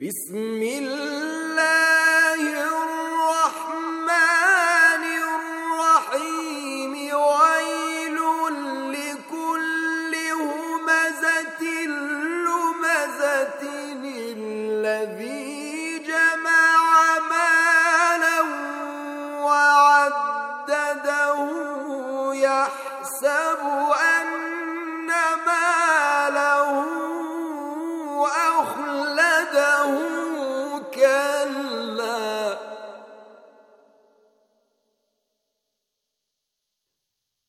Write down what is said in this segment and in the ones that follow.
بسم الله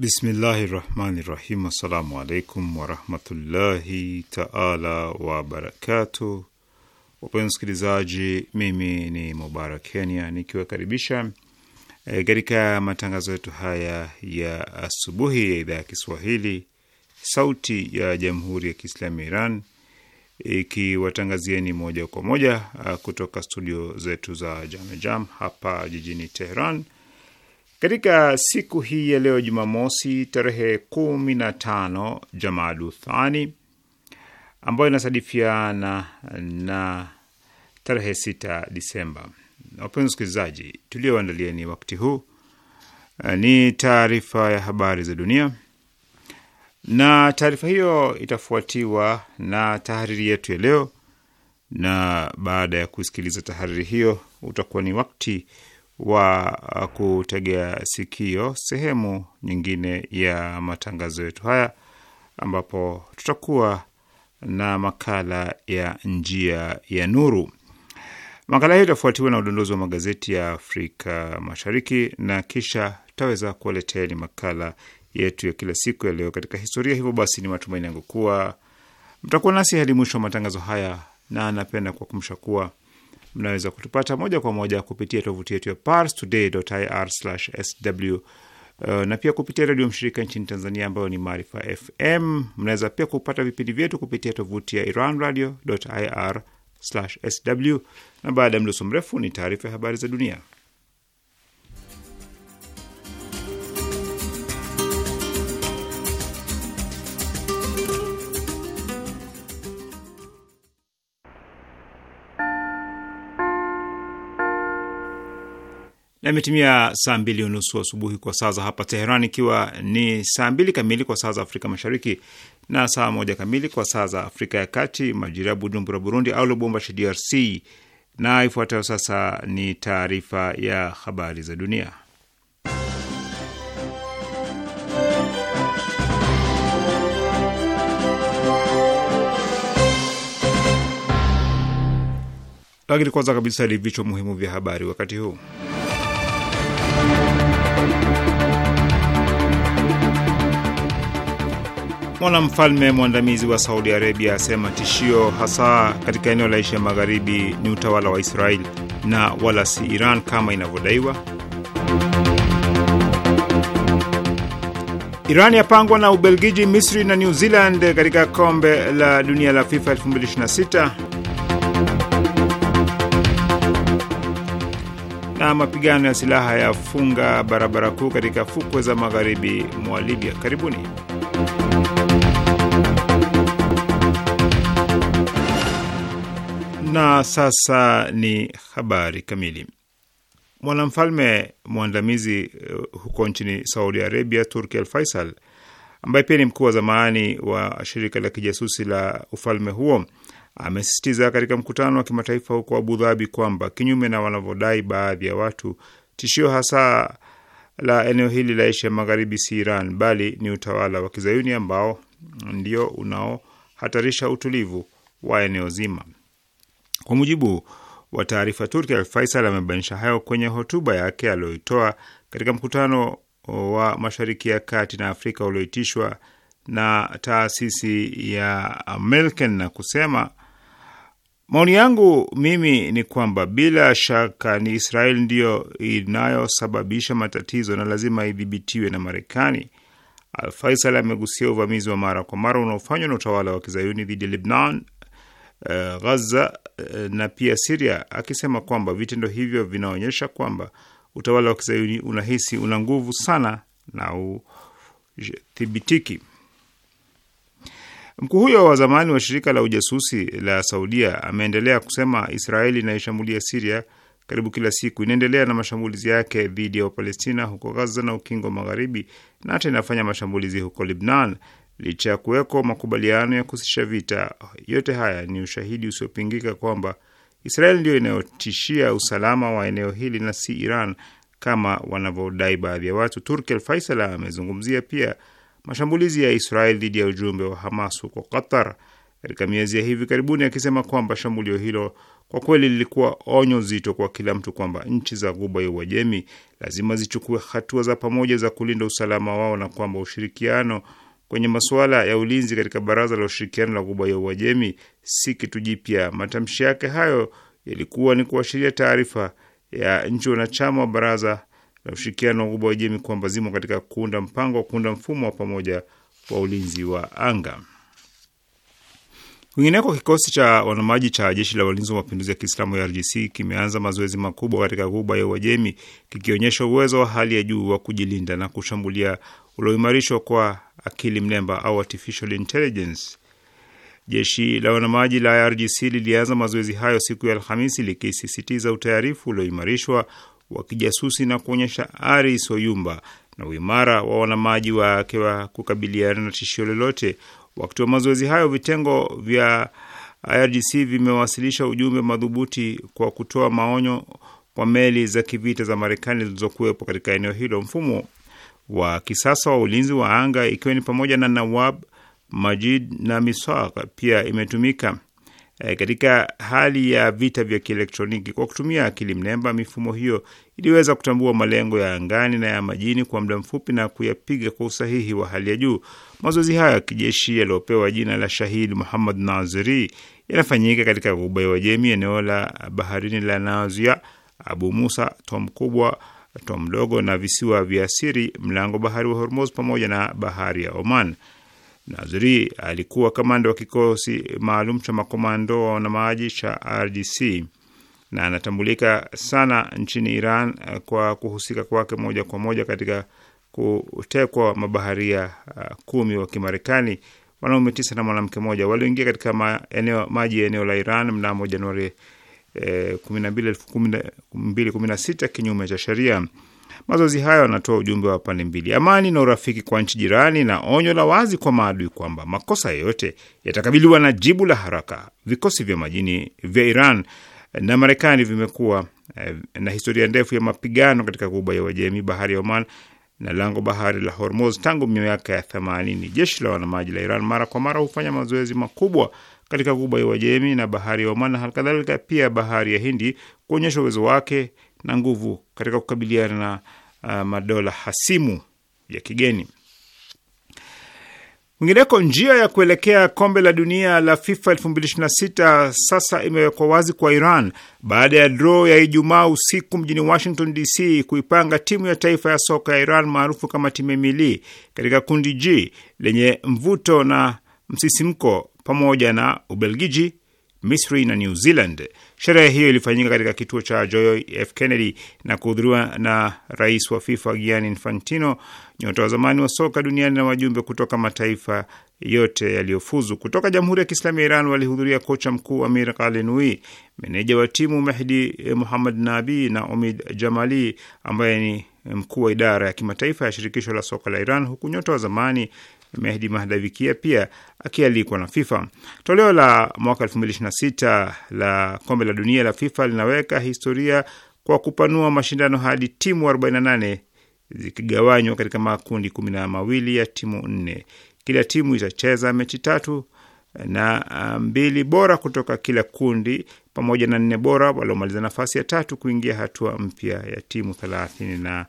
Bismillahi rahmani rahim. Assalamu alaikum warahmatullahi taala wabarakatu. Wapenzi msikilizaji, mimi ni Mubarak Kenya nikiwakaribisha e, katika e, matangazo yetu haya ya asubuhi ya idhaa ya Kiswahili sauti ya jamhuri ya Kiislamu ya Iran ikiwatangazieni e, moja kwa moja kutoka studio zetu za Jamejam hapa jijini Teheran katika siku hii ya leo Jumamosi tarehe kumi na tano Jamadu Thani ambayo inasadifiana na tarehe sita Disemba, wapenzi wasikilizaji, ni wakti huu eh, ni taarifa ya habari za dunia, na taarifa hiyo itafuatiwa na tahariri yetu ya leo, na baada ya kusikiliza tahariri hiyo utakuwa ni wakti wa uh, kutegea sikio sehemu nyingine ya matangazo yetu haya, ambapo tutakuwa na makala ya njia ya nuru. Makala hiyo itafuatiwa na udondozi wa magazeti ya Afrika Mashariki na kisha tutaweza ni makala yetu ya kila siku ya leo katika historia. Hivyo basi, ni matumaini yangu kuwa mtakuwa nasi hadi mwisho wa matangazo haya, na anapenda kwa kumsha kuwa mnaweza kutupata moja kwa moja kupitia tovuti yetu ya parstoday.ir/sw eh, na pia kupitia redio mshirika nchini Tanzania ambayo ni Maarifa FM. Mnaweza pia kupata vipindi vyetu kupitia tovuti ya iranradio.ir/sw. Na baada ya mdoso mrefu ni taarifa ya habari za dunia na imetimia saa mbili unusu asubuhi kwa saa za hapa Teheran, ikiwa ni saa mbili kamili kwa saa za Afrika Mashariki na saa moja kamili kwa saa za Afrika ya Kati, majira ya Bujumbura, Burundi au Lubumbashi, DRC. Na ifuatayo sasa ni taarifa ya habari za dunia. Lakini kwanza kabisa ni vichwa muhimu vya habari wakati huu. Mwanamfalme mwandamizi wa Saudi Arabia asema tishio hasa katika eneo la Asia ya Magharibi ni utawala wa Israeli na wala si Iran kama inavyodaiwa. Iran yapangwa na Ubelgiji, Misri na New Zealand katika kombe la dunia la FIFA 2026 na mapigano ya silaha yafunga barabara kuu katika fukwe za magharibi mwa Libya. Karibuni. Na sasa ni habari kamili. Mwanamfalme mwandamizi eh, huko nchini Saudi Arabia, Turki Al Faisal, ambaye pia ni mkuu wa zamani wa shirika la kijasusi la ufalme huo, amesisitiza katika mkutano wa kimataifa huko Abu Dhabi kwamba kinyume na wanavyodai baadhi ya watu, tishio hasa la eneo hili la Asia Magharibi si Iran bali ni utawala wa kizayuni ambao ndio unaohatarisha utulivu wa eneo zima. Kwa mujibu wa taarifa Turki, Alfaisal amebainisha hayo kwenye hotuba yake aliyoitoa katika mkutano wa Mashariki ya Kati na Afrika ulioitishwa na taasisi ya Melken na kusema Maoni yangu mimi ni kwamba bila shaka ni Israel ndiyo inayosababisha matatizo na lazima idhibitiwe na Marekani. Alfaisal amegusia uvamizi wa mara kwa mara unaofanywa na utawala wa kizayuni dhidi ya Lebnan uh, eh, Ghaza uh, eh, na pia Siria, akisema kwamba vitendo hivyo vinaonyesha kwamba utawala wa kizayuni unahisi una nguvu sana na uthibitiki. Mkuu huyo wa zamani wa shirika la ujasusi la Saudia ameendelea kusema Israeli inaishambulia Siria karibu kila siku inaendelea na mashambulizi yake dhidi ya Wapalestina huko Gaza na Ukingo Magharibi, na hata inafanya mashambulizi huko Libnan licha ya kuweko makubaliano ya kusitisha vita. Yote haya ni ushahidi usiopingika kwamba Israel ndiyo inayotishia usalama wa eneo hili na si Iran kama wanavyodai baadhi ya watu. Turki Alfaisal amezungumzia pia mashambulizi ya Israel dhidi ya ujumbe wa Hamas huko Qatar katika miezi ya hivi karibuni, akisema kwamba shambulio hilo kwa kweli lilikuwa onyo zito kwa kila mtu kwamba nchi za Ghuba ya Uajemi lazima zichukue hatua za pamoja za kulinda usalama wao na kwamba ushirikiano kwenye masuala ya ulinzi katika baraza la ushirikiano la Ghuba ya Uajemi si kitu jipya. Matamshi yake hayo yalikuwa ni kuashiria taarifa ya nchi wanachama wa baraza la ushirikiano wa Ghuba ya Uajemi kwamba zimo katika kuunda mpango wa kuunda mfumo wa pamoja wa ulinzi wa anga. Kwingineko, kikosi cha wanamaji cha jeshi la walinzi wa mapinduzi ya Kiislamu ya RGC kimeanza mazoezi makubwa katika ghuba ya Uajemi kikionyesha uwezo wa hali ya juu wa kujilinda na kushambulia ulioimarishwa kwa akili mnemba au artificial intelligence. Jeshi la wanamaji la RGC lilianza mazoezi hayo siku ya Alhamisi likisisitiza utayarifu ulioimarishwa wa kijasusi na kuonyesha ari isiyoyumba na uimara wa wanamaji wake wa kukabiliana na tishio lolote Wakati wa mazoezi hayo, vitengo vya IRGC vimewasilisha ujumbe madhubuti kwa kutoa maonyo kwa meli za kivita za Marekani zilizokuwepo katika eneo hilo. Mfumo wa kisasa wa ulinzi wa anga ikiwa ni pamoja na Nawab, Majid na Miswak pia imetumika. Eh, katika hali ya vita vya kielektroniki. Kwa kutumia akili mnemba, mifumo hiyo iliweza kutambua malengo ya angani na ya majini kwa muda mfupi na kuyapiga kwa usahihi wa hali ya juu. Mazoezi hayo ya kijeshi yaliyopewa jina la Shahid Muhammad Naziri yanafanyika katika Ghuba ya Uajemi, eneo la baharini la Nazia, Abu Musa, Tom Kubwa, Tom Dogo na visiwa vya siri, mlango bahari wa Hormuz pamoja na bahari ya Oman. Naziri alikuwa kamanda wa kikosi maalum cha makomando wa wanamaji cha RDC na anatambulika sana nchini Iran eh, kwa kuhusika kwake moja kwa moja katika kutekwa mabaharia eh, kumi wa Kimarekani, wanaume tisa na mwanamke mmoja walioingia katika ma, eneo, maji ya eneo la Iran mnamo Januari eh, 12, 2016 kinyume cha sheria. Mazoezi hayo yanatoa ujumbe wa pande mbili, amani na urafiki kwa nchi jirani, na onyo la wazi kwa maadui kwamba makosa yoyote yatakabiliwa na jibu la haraka. Vikosi vya majini vya Iran na Marekani vimekuwa eh, na historia ndefu ya mapigano katika Ghuba ya Uajemi, bahari ya Oman na lango bahari la Hormuz tangu miaka ya themanini. Jeshi la wanamaji la Iran mara kwa mara hufanya mazoezi makubwa katika Ghuba ya Uajemi na bahari ya Oman na halikadhalika pia bahari ya Hindi kuonyesha uwezo wake na nguvu katika kukabiliana na uh, madola hasimu ya kigeni. Kwingineko, njia ya kuelekea kombe la dunia la FIFA 2026 sasa imewekwa wazi kwa Iran baada ya dro ya Ijumaa usiku mjini Washington DC kuipanga timu ya taifa ya soka ya Iran maarufu kama Timemili katika kundi G lenye mvuto na msisimko pamoja na Ubelgiji, Misri na New Zealand. Sherehe hiyo ilifanyika katika kituo cha Joy F Kennedy na kuhudhuriwa na rais wa FIFA Gianni Infantino, nyota wa zamani wa soka duniani na wajumbe kutoka mataifa yote yaliyofuzu. Kutoka Jamhuri ya Kiislamu ya Iran walihudhuria kocha mkuu Amir Ghalinui, meneja wa timu Mehdi Muhammad Nabi na Omid Jamali ambaye ni mkuu wa idara ya kimataifa ya shirikisho la soka la Iran, huku nyota wa zamani Mehdi Mahdavikia pia akialikwa na FIFA. Toleo la mwaka 2026 la kombe la dunia la FIFA linaweka historia kwa kupanua mashindano hadi timu 48 zikigawanywa katika makundi kumi na mawili ya timu nne. Kila timu itacheza mechi tatu na ah, mbili bora kutoka kila kundi pamoja na nne bora waliomaliza nafasi ya tatu kuingia hatua mpya ya timu thelathini na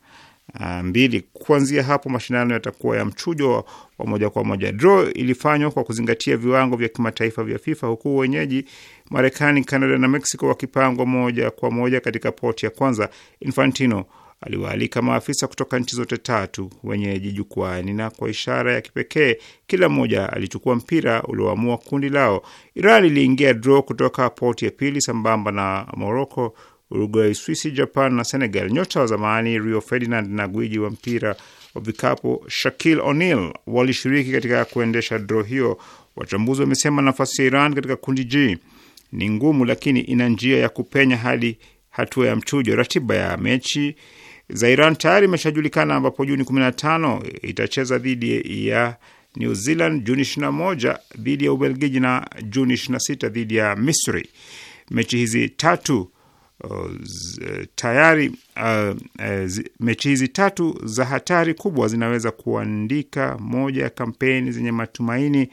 Ah, mbili. Kuanzia hapo mashindano yatakuwa ya mchujo wa moja kwa moja. Draw ilifanywa kwa kuzingatia viwango vya kimataifa vya FIFA, huku wenyeji Marekani, Canada na Mexico wakipangwa moja kwa moja katika poti ya kwanza. Infantino aliwaalika maafisa kutoka nchi zote tatu wenyeji jukwani, na kwa ishara ya kipekee kila mmoja alichukua mpira ulioamua kundi lao. Iran iliingia draw kutoka poti ya pili sambamba na Morocco Uruguay, Swisi, Japan na Senegal. Nyota wa zamani Rio Ferdinand na gwiji wa mpira wa vikapu Shaquille O'Neal walishiriki katika kuendesha dro hiyo. Wachambuzi wamesema nafasi ya Iran katika kundi G ni ngumu, lakini ina njia ya kupenya hadi hatua ya mchujo. Ratiba ya mechi za Iran tayari imeshajulikana, ambapo Juni 15 itacheza dhidi ya New Zealand, Juni 21 dhidi ya Ubelgiji na Juni 26 dhidi ya Misri. Mechi hizi tatu tayari uh, eh, mechi hizi tatu za hatari kubwa zinaweza kuandika moja ya kampeni zenye matumaini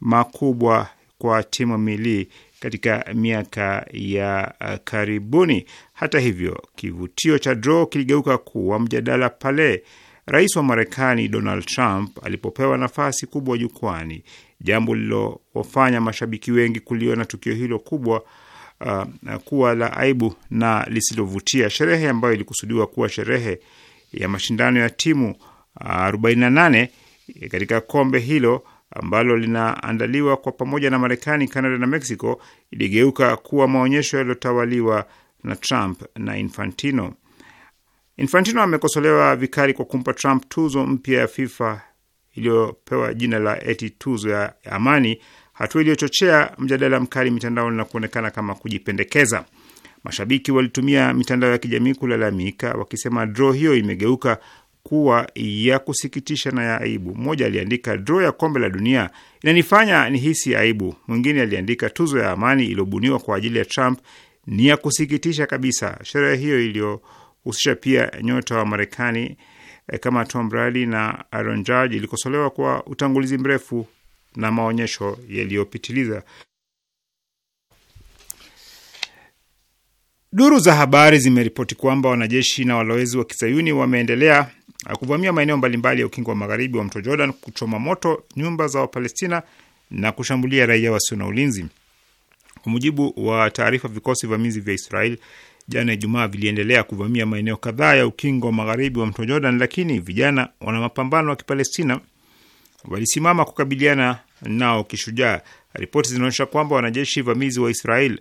makubwa kwa timu mili katika miaka ya uh, karibuni. Hata hivyo, kivutio cha draw kiligeuka kuwa mjadala pale rais wa Marekani Donald Trump alipopewa nafasi kubwa jukwani, jambo lililowafanya mashabiki wengi kuliona tukio hilo kubwa uh, kuwa la aibu na lisilovutia. Sherehe ambayo ilikusudiwa kuwa sherehe ya mashindano ya timu uh, 48 eh, katika kombe hilo ambalo linaandaliwa kwa pamoja na Marekani, Kanada na Mexico iligeuka kuwa maonyesho yaliyotawaliwa na Trump na Infantino. Infantino amekosolewa vikali kwa kumpa Trump tuzo mpya ya FIFA iliyopewa jina la eti tuzo ya amani hatua iliyochochea mjadala mkali mitandaoni na kuonekana kama kujipendekeza. Mashabiki walitumia mitandao ya kijamii kulalamika, wakisema dro hiyo imegeuka kuwa ya kusikitisha na ya aibu. Mmoja aliandika, dro ya kombe la dunia inanifanya nihisi aibu. Mwingine aliandika, tuzo ya amani iliyobuniwa kwa ajili ya Trump ni ya kusikitisha kabisa. Sherehe hiyo iliyohusisha pia nyota wa Marekani eh, kama Tom Brady na Aaron Judge ilikosolewa kwa utangulizi mrefu na maonyesho yaliyopitiliza. Duru za habari zimeripoti kwamba wanajeshi na walowezi wa kizayuni wameendelea kuvamia maeneo mbalimbali ya ukingo wa magharibi wa mto Jordan, kuchoma moto nyumba za Wapalestina na kushambulia raia wasio na ulinzi. Kwa mujibu wa taarifa, vikosi vamizi vya Israel jana Ijumaa viliendelea kuvamia maeneo kadhaa ya ukingo wa magharibi wa mto Jordan, lakini vijana wana mapambano wa Kipalestina walisimama kukabiliana nao kishujaa. Ripoti zinaonyesha kwamba wanajeshi vamizi wa Israel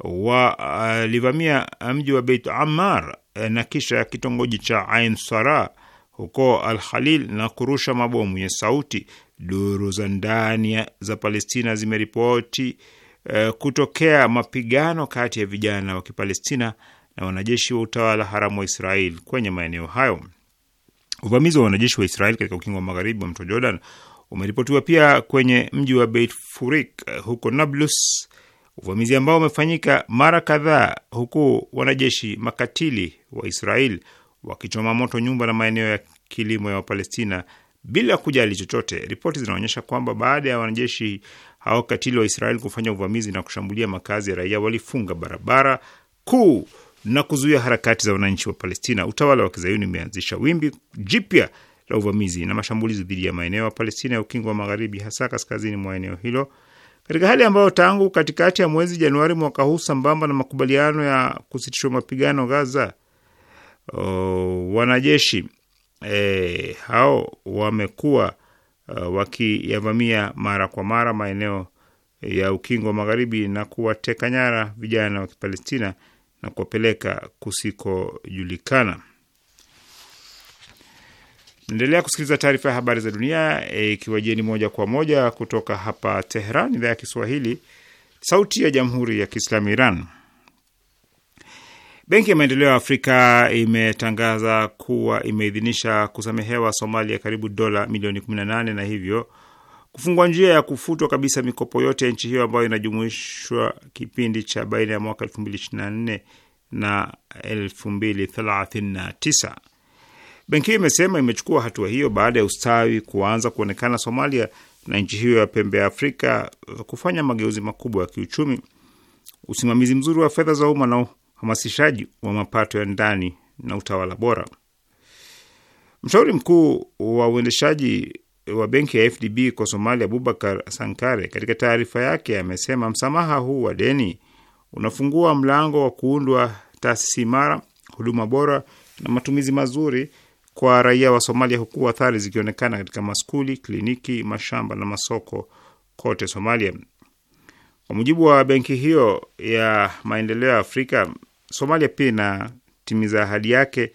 walivamia uh, mji wa Beit Amar eh, na kisha kitongoji cha Ain Sara huko Al Khalil na kurusha mabomu ya sauti. Duru za ndani za Palestina zimeripoti uh, kutokea mapigano kati ya vijana wa Kipalestina na wanajeshi wa utawala haramu wa Israel kwenye maeneo hayo. Uvamizi wa wanajeshi wa Israel katika ukingo wa magharibi wa mto Jordan umeripotiwa pia kwenye mji wa Beit Furik eh, huko Nablus, uvamizi ambao umefanyika mara kadhaa, huku wanajeshi makatili wa Israel wakichoma moto nyumba na maeneo ya kilimo ya Wapalestina bila kujali chochote. Ripoti zinaonyesha kwamba baada ya wanajeshi hao katili wa Israel kufanya uvamizi na kushambulia makazi ya raia, walifunga barabara kuu na kuzuia harakati za wananchi wa Palestina. Utawala wa kizayuni umeanzisha wimbi jipya la uvamizi na mashambulizi dhidi ya maeneo ya Palestina ya ukingo wa Magharibi, hasa kaskazini mwa eneo hilo, katika hali ambayo tangu katikati ya mwezi Januari mwaka huu, sambamba na makubaliano ya kusitishwa mapigano Gaza, o, wanajeshi e, hao wamekuwa uh, wakiyavamia mara kwa mara maeneo ya ukingo wa Magharibi na kuwateka nyara vijana wa Kipalestina na kuwapeleka kusikojulikana. Naendelea kusikiliza taarifa ya habari za dunia e, ikiwa e, jeni moja kwa moja kutoka hapa Tehran, idhaa ya Kiswahili, sauti ya jamhuri ya kiislamu Iran. Benki ya maendeleo ya Afrika imetangaza kuwa imeidhinisha kusamehewa Somalia karibu dola milioni 18 na hivyo kufungua njia ya kufutwa kabisa mikopo yote ya nchi hiyo ambayo inajumuishwa kipindi cha baina ya mwaka 2024 na 2039. Benki hiyo imesema imechukua hatua hiyo baada ya ustawi kuanza kuonekana Somalia na nchi hiyo ya pembe ya Afrika kufanya mageuzi makubwa ya kiuchumi. Usimamizi mzuri wa fedha za umma na uhamasishaji wa mapato ya ndani na utawala bora. Mshauri mkuu wa uendeshaji wa benki ya FDB kwa Somalia, Abubakar Sankare, katika taarifa yake amesema msamaha huu wa deni unafungua mlango wa kuundwa taasisi imara, huduma bora na matumizi mazuri kwa raia wa Somalia, huku athari zikionekana katika maskuli, kliniki, mashamba na masoko kote Somalia. Kwa mujibu wa benki hiyo ya maendeleo ya Afrika, Somalia pia inatimiza ahadi yake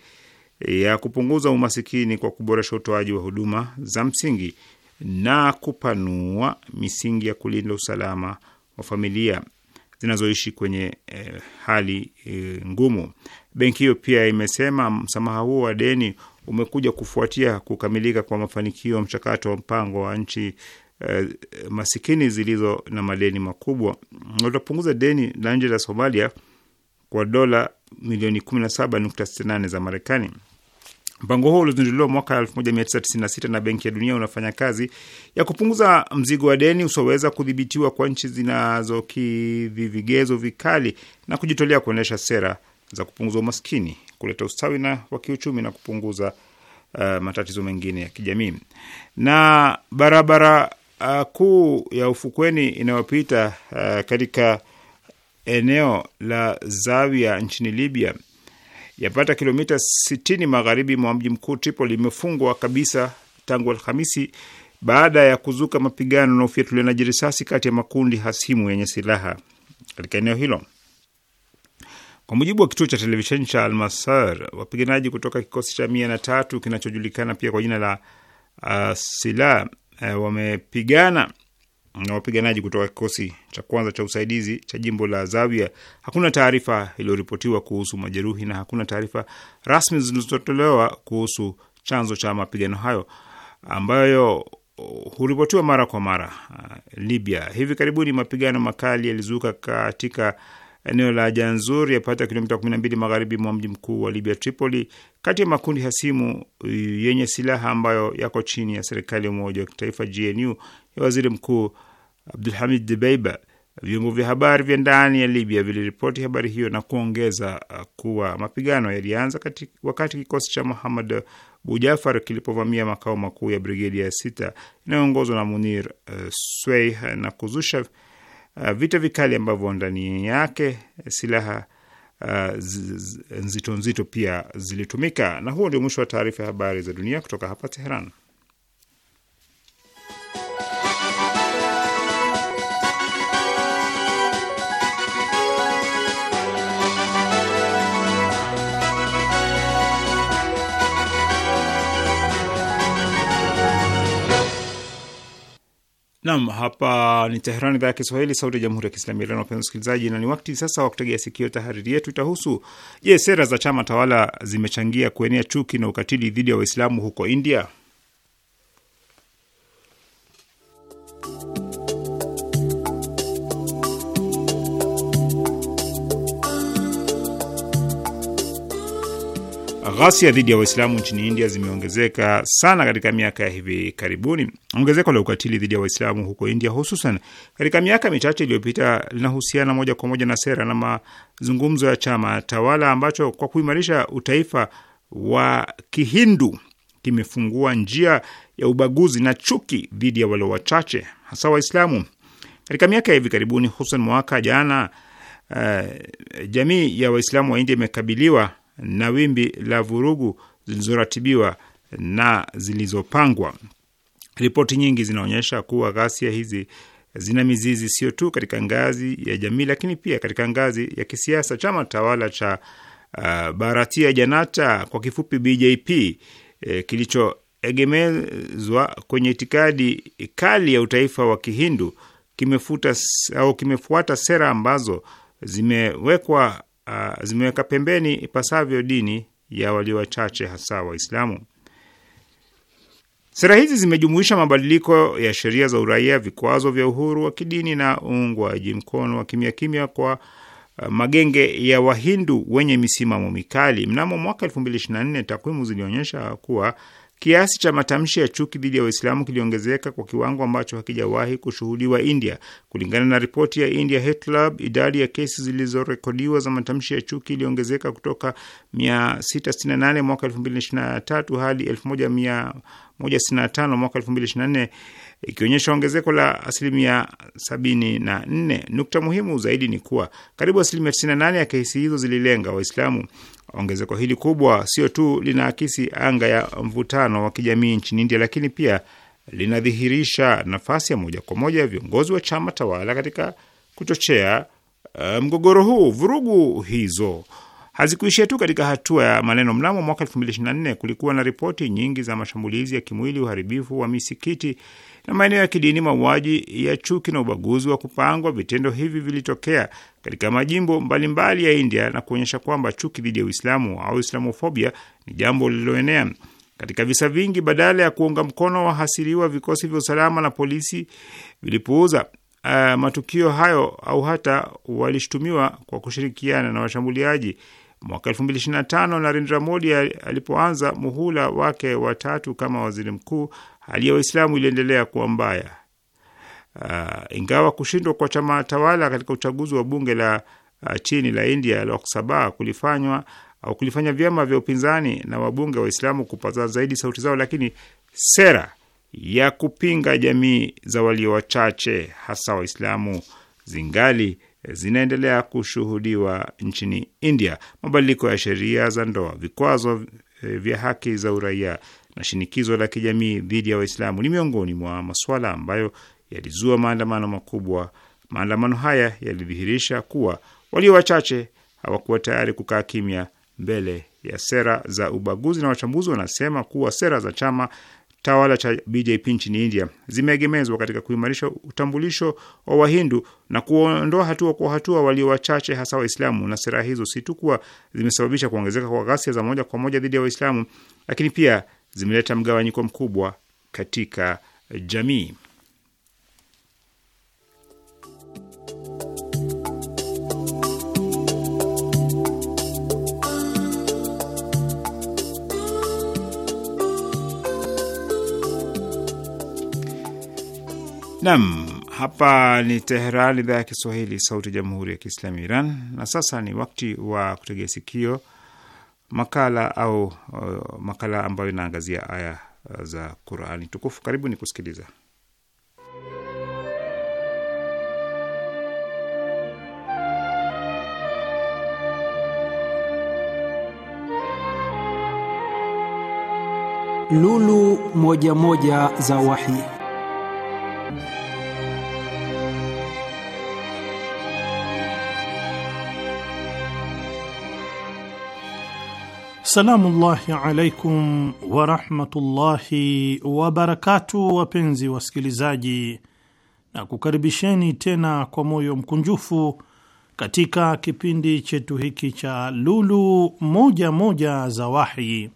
ya kupunguza umasikini kwa kuboresha utoaji wa huduma za msingi na kupanua misingi ya kulinda usalama wa familia zinazoishi kwenye eh, hali eh, ngumu. Benki hiyo pia imesema msamaha huo wa deni umekuja kufuatia kukamilika kwa mafanikio ya mchakato wa mpango wa nchi eh, masikini zilizo na madeni makubwa. Utapunguza deni la nje la Somalia kwa dola milioni 17.68 za Marekani. Mpango huo ulizinduliwa mwaka 1996 na Benki ya Dunia, unafanya kazi ya kupunguza mzigo wa deni usioweza kudhibitiwa kwa nchi zinazokidhi vigezo vikali na kujitolea kuonyesha sera za kupunguza umaskini kuleta ustawi na wa kiuchumi na kupunguza uh, matatizo mengine ya kijamii. Na barabara uh, kuu ya ufukweni inayopita uh, katika eneo la Zawia nchini Libya yapata kilomita 60 magharibi mwa mji mkuu Tripoli imefungwa kabisa tangu Alhamisi baada ya kuzuka mapigano na ufyatulianaji risasi kati ya makundi hasimu yenye silaha katika eneo hilo. Kwa mujibu wa kituo cha televisheni cha Almasar, wapiganaji kutoka kikosi cha mia na tatu kinachojulikana pia kwa jina la uh, Sila uh, wamepigana na wapiganaji kutoka kikosi cha kwanza cha usaidizi cha jimbo la Zawia. Hakuna taarifa iliyoripotiwa kuhusu majeruhi na hakuna taarifa rasmi zilizotolewa kuhusu chanzo cha mapigano hayo ambayo uh, huripotiwa mara kwa mara uh, Libya. Hivi karibuni mapigano makali yalizuka katika eneo la Janzur, yapata kilomita 12 magharibi mwa mji mkuu wa Libya, Tripoli, kati ya makundi hasimu eh, yenye silaha ambayo yako chini ya serikali ya Umoja wa Kitaifa GNU ya waziri mkuu Abdulhamid Dibeiba. Vyombo vya habari vya ndani ya Libya viliripoti habari hiyo na kuongeza eh, kuwa mapigano yalianza wakati kikosi cha muhammad Bujafar kilipovamia makao makuu ya brigedi ya sita inayoongozwa na Munir uh, eh, Sweih na kuzusha Eh, vita vikali ambavyo ndani yake eh, silaha uh, nzito nzito pia zilitumika. Na huo ndio mwisho wa taarifa ya habari za dunia kutoka hapa Teheran. Nam, hapa ni Teheran, idhaa ya Kiswahili, sauti ya jamhuri ya kiislamu Iran. Wapenzi wasikilizaji, na ni wakati sasa wa kutegea sikio. Tahariri yetu itahusu je, yes, sera za chama tawala zimechangia kuenea chuki na ukatili dhidi ya Waislamu huko India? ghasia dhidi ya Waislamu nchini India zimeongezeka sana katika miaka ya hivi karibuni. Ongezeko la ukatili dhidi ya Waislamu huko India, hususan katika miaka michache iliyopita, linahusiana moja kwa moja na sera na mazungumzo ya chama tawala ambacho kwa kuimarisha utaifa wa Kihindu kimefungua njia ya ubaguzi na chuki dhidi ya walio wachache, hasa Waislamu. Katika miaka ya hivi karibuni, hususan mwaka jana, uh, jamii ya Waislamu wa India imekabiliwa na wimbi la vurugu zilizoratibiwa na zilizopangwa. Ripoti nyingi zinaonyesha kuwa ghasia hizi zina mizizi sio tu katika ngazi ya jamii, lakini pia katika ngazi ya kisiasa. Chama tawala cha uh, Bharatiya Janata kwa kifupi BJP, eh, kilichoegemezwa kwenye itikadi kali ya utaifa wa Kihindu kimefuta au kimefuata sera ambazo zimewekwa uh, zimeweka pembeni ipasavyo dini ya walio wachache hasa Waislamu. Sera hizi zimejumuisha mabadiliko ya sheria za uraia, vikwazo vya uhuru wa kidini na uungwaji mkono wa kimya kimya kwa uh, magenge ya Wahindu wenye misimamo mikali. Mnamo mwaka 2024 takwimu zilionyesha kuwa Kiasi cha matamshi ya chuki dhidi ya Waislamu kiliongezeka kwa kiwango ambacho hakijawahi kushuhudiwa India. Kulingana na ripoti ya India Hate Club, idadi ya kesi zilizorekodiwa za matamshi ya chuki iliongezeka kutoka 668 mwaka 2023 hadi 1165 mwaka 2024 ikionyesha ongezeko la asilimia sabini na nne. Nukta muhimu zaidi ni kuwa karibu asilimia tisini na nane ya kesi hizo zililenga Waislamu. Ongezeko hili kubwa sio tu linaakisi anga ya mvutano wa kijamii nchini India, lakini pia linadhihirisha nafasi ya moja kwa moja ya viongozi wa chama tawala katika kuchochea uh, mgogoro huu. Vurugu hizo Hazikuishia tu katika hatua ya maneno. Mnamo mwaka 2024 kulikuwa na ripoti nyingi za mashambulizi ya kimwili, uharibifu wa misikiti na maeneo ya kidini, mauaji ya chuki na ubaguzi wa kupangwa. Vitendo hivi vilitokea katika majimbo mbalimbali ya India na kuonyesha kwamba chuki dhidi ya Uislamu au Islamofobia ni jambo lililoenea. Katika visa vingi, badala ya kuunga mkono wahasiriwa, vikosi vya usalama na polisi vilipuuza uh, matukio hayo au hata walishutumiwa kwa kushirikiana na washambuliaji. Mwaka 2025 Narendra Modi alipoanza muhula wake watatu kama waziri mkuu, hali ya Waislamu iliendelea kuwa mbaya. Uh, ingawa kushindwa kwa chama tawala katika uchaguzi wa bunge la uh, chini la India Lok Sabha kulifanywa au kulifanya vyama vya upinzani na wabunge Waislamu kupaza zaidi sauti zao, lakini sera ya kupinga jamii za walio wachache hasa Waislamu zingali zinaendelea kushuhudiwa nchini India. Mabadiliko ya sheria za ndoa, vikwazo eh, vya haki za uraia na shinikizo la kijamii dhidi ya Waislamu ni miongoni mwa masuala ambayo yalizua maandamano makubwa. Maandamano haya yalidhihirisha kuwa walio wachache hawakuwa tayari kukaa kimya mbele ya sera za ubaguzi, na wachambuzi wanasema kuwa sera za chama tawala cha BJP nchini India zimeegemezwa katika kuimarisha utambulisho wa Wahindu na kuondoa hatua kwa hatua walio wachache hasa Waislamu. Na sera hizo si tu kuwa zimesababisha kuongezeka kwa ghasia za moja kwa moja dhidi ya Waislamu, lakini pia zimeleta mgawanyiko mkubwa katika jamii. Nam, hapa ni Teheran, idhaa ya Kiswahili, sauti ya jamhuri ya kiislamu ya Iran. Na sasa ni wakati wa kutegea sikio makala au uh, makala ambayo inaangazia aya za Qurani tukufu. Karibu ni kusikiliza lulu moja moja za wahi Salamullahi alaikum warahmatullahi wabarakatu, wapenzi wasikilizaji, na kukaribisheni tena kwa moyo mkunjufu katika kipindi chetu hiki cha Lulu Moja Moja za Wahyi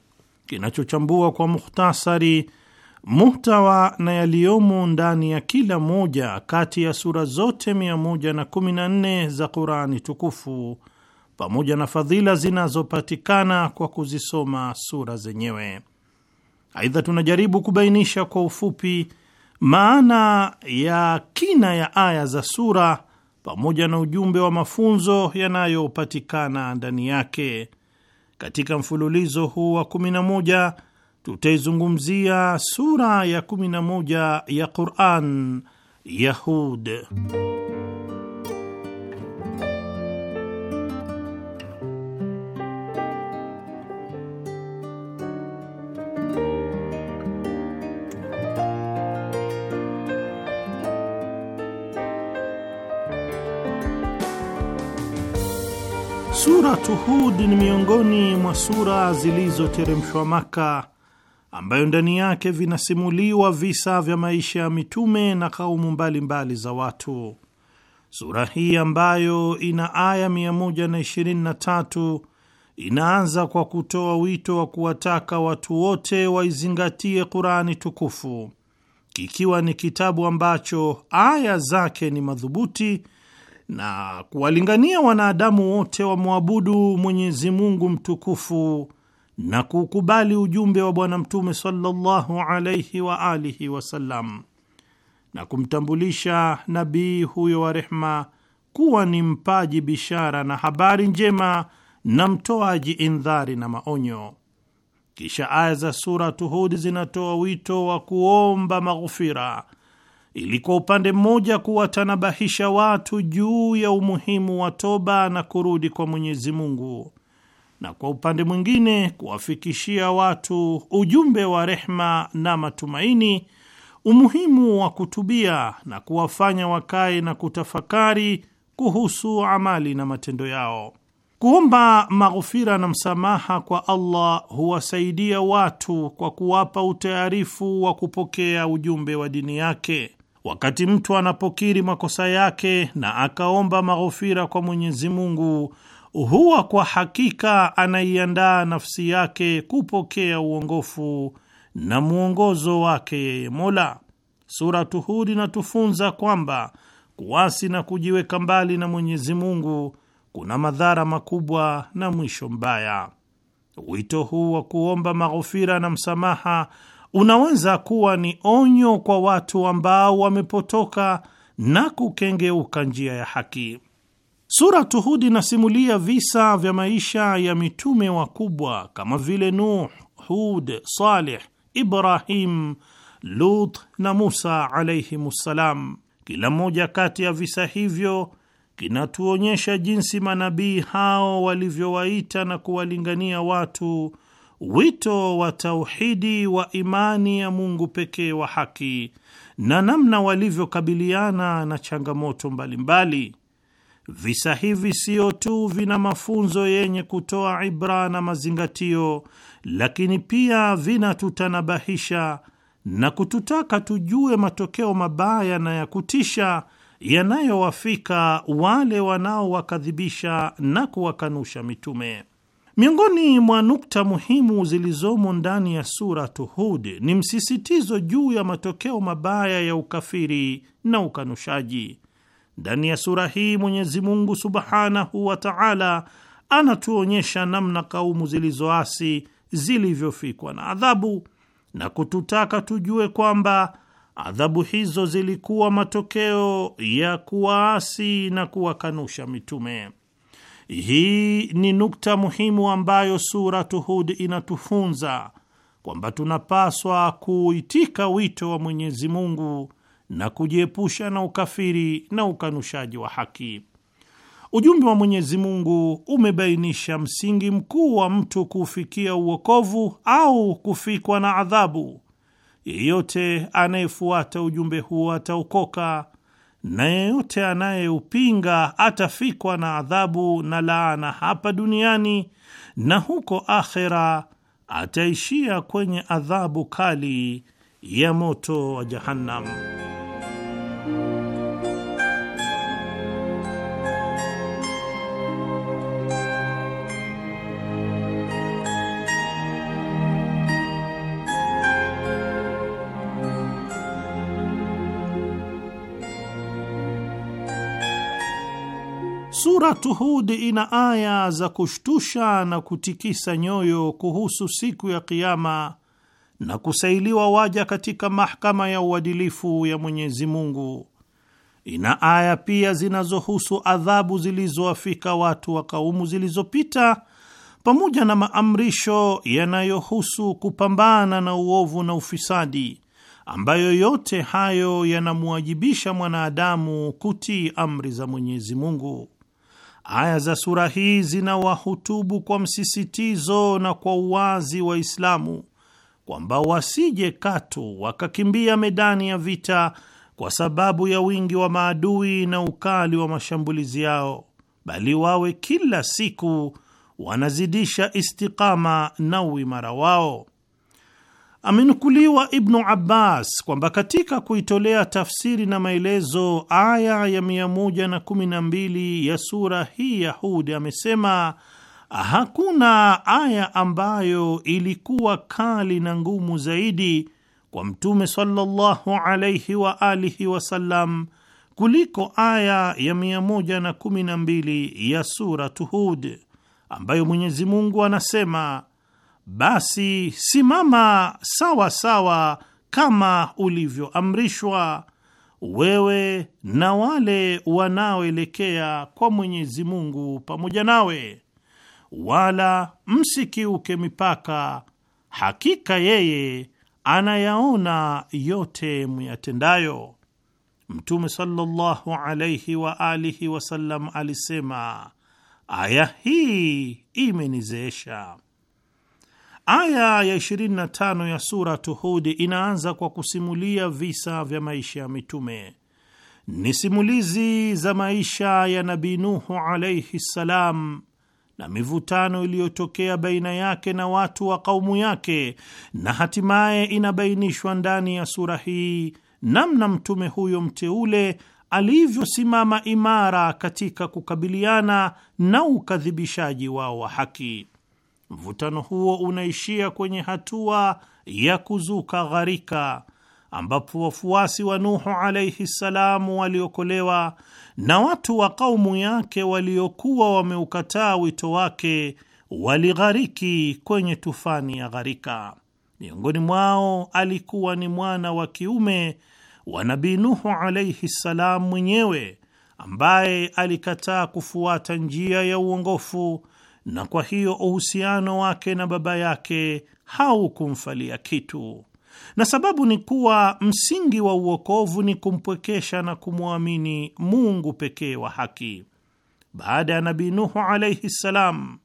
kinachochambua kwa mukhtasari muhtawa na yaliyomo ndani ya kila moja kati ya sura zote 114 za Qurani tukufu pamoja na fadhila zinazopatikana kwa kuzisoma sura zenyewe. Aidha, tunajaribu kubainisha kwa ufupi maana ya kina ya aya za sura pamoja na ujumbe wa mafunzo yanayopatikana ndani yake. Katika mfululizo huu wa 11 tutaizungumzia sura ya 11 ya Quran, Yahud. Suratu Hud ni miongoni mwa sura zilizoteremshwa Maka, ambayo ndani yake vinasimuliwa visa vya maisha ya mitume na kaumu mbalimbali za watu. Sura hii ambayo ina aya 123 inaanza kwa kutoa wito wa kuwataka watu wote waizingatie Kurani tukufu, kikiwa ni kitabu ambacho aya zake ni madhubuti na kuwalingania wanadamu wote wamwabudu Mwenyezi Mungu mtukufu na kuukubali ujumbe wa Bwana Mtume sallallahu alaihi wa alihi wasallam na kumtambulisha nabii huyo wa rehma kuwa ni mpaji bishara na habari njema na mtoaji indhari na maonyo. Kisha aya za Suratu Hud zinatoa wito wa kuomba maghufira ili kwa upande mmoja kuwatanabahisha watu juu ya umuhimu wa toba na kurudi kwa Mwenyezi Mungu, na kwa upande mwingine kuwafikishia watu ujumbe wa rehma na matumaini, umuhimu wa kutubia na kuwafanya wakae na kutafakari kuhusu amali na matendo yao. Kuomba maghufira na msamaha kwa Allah huwasaidia watu kwa kuwapa utayarifu wa kupokea ujumbe wa dini yake Wakati mtu anapokiri makosa yake na akaomba maghofira kwa Mwenyezi Mungu, huwa kwa hakika anaiandaa nafsi yake kupokea uongofu na mwongozo wake yeye Mola. Sura Hud inatufunza kwamba kuasi na kujiweka mbali na Mwenyezi Mungu kuna madhara makubwa na mwisho mbaya. Wito huu wa kuomba maghofira na msamaha unaweza kuwa ni onyo kwa watu ambao wamepotoka na kukengeuka njia ya haki. Suratu Hud inasimulia visa vya maisha ya mitume wakubwa kama vile Nuh, Hud, Saleh, Ibrahim, Lut na Musa ssalam. Kila mmoja kati ya visa hivyo kinatuonyesha jinsi manabii hao walivyowaita na kuwalingania watu wito wa tauhidi wa imani ya Mungu pekee wa haki na namna walivyokabiliana na changamoto mbalimbali. Visa hivi sio tu vina mafunzo yenye kutoa ibra na mazingatio, lakini pia vinatutanabahisha na kututaka tujue matokeo mabaya na ya kutisha yanayowafika wale wanaowakadhibisha na kuwakanusha mitume. Miongoni mwa nukta muhimu zilizomo ndani ya Suratu Hud ni msisitizo juu ya matokeo mabaya ya ukafiri na ukanushaji. Ndani ya sura hii Mwenyezi Mungu subhanahu wa taala anatuonyesha namna kaumu zilizoasi zilivyofikwa na adhabu na kututaka tujue kwamba adhabu hizo zilikuwa matokeo ya kuwaasi na kuwakanusha mitume. Hii ni nukta muhimu ambayo Suratu Hud inatufunza kwamba tunapaswa kuitika wito wa Mwenyezi Mungu na kujiepusha na ukafiri na ukanushaji wa haki. Ujumbe wa Mwenyezi Mungu umebainisha msingi mkuu wa mtu kufikia uokovu au kufikwa na adhabu. Yeyote anayefuata ujumbe huo ataokoka na yeyote anayeupinga atafikwa na adhabu na laana hapa duniani na huko akhera ataishia kwenye adhabu kali ya moto wa Jahannam. Suratu Hud ina aya za kushtusha na kutikisa nyoyo kuhusu siku ya Kiama na kusailiwa waja katika mahakama ya uadilifu ya Mwenyezi Mungu. Ina aya pia zinazohusu adhabu zilizowafika watu wa kaumu zilizopita pamoja na maamrisho yanayohusu kupambana na uovu na ufisadi, ambayo yote hayo yanamwajibisha mwanadamu kutii amri za Mwenyezi Mungu. Aya za sura hii zinawahutubu kwa msisitizo na kwa uwazi Waislamu kwamba wasije katu wakakimbia medani ya vita kwa sababu ya wingi wa maadui na ukali wa mashambulizi yao, bali wawe kila siku wanazidisha istikama na uimara wao Amenukuliwa Ibnu Abbas kwamba katika kuitolea tafsiri na maelezo aya ya 112 ya sura hii ya Hud amesema hakuna aya ambayo ilikuwa kali na ngumu zaidi kwa Mtume sallallahu wa alihi wasallam kuliko aya ya 112 ya suratu Hud ambayo Mwenyezi Mungu anasema basi simama sawa sawa kama ulivyoamrishwa wewe na wale wanaoelekea kwa Mwenyezi Mungu pamoja nawe, wala msikiuke mipaka. Hakika yeye anayaona yote myatendayo. Mtume sallallahu wa alihi wasallam alisema, aya hii imenizeesha Aya ya 25 ya sura Tuhudi inaanza kwa kusimulia visa vya maisha ya mitume. Ni simulizi za maisha ya Nabii Nuhu alaihi ssalam na mivutano iliyotokea baina yake na watu wa kaumu yake, na hatimaye inabainishwa ndani ya sura hii namna mtume huyo mteule alivyosimama imara katika kukabiliana na ukadhibishaji wao wa haki mvutano huo unaishia kwenye hatua ya kuzuka gharika ambapo wafuasi wa Nuhu alaihi ssalamu waliokolewa na watu wa kaumu yake waliokuwa wameukataa wito wake walighariki kwenye tufani ya gharika. Miongoni mwao alikuwa ni mwana wa kiume wa Nabii Nuhu alaihi ssalam mwenyewe ambaye alikataa kufuata njia ya uongofu na kwa hiyo uhusiano wake na baba yake haukumfalia kitu, na sababu ni kuwa msingi wa uokovu ni kumpwekesha na kumwamini Mungu pekee wa haki. Baada ya Nabii Nuhu alaihi ssalam,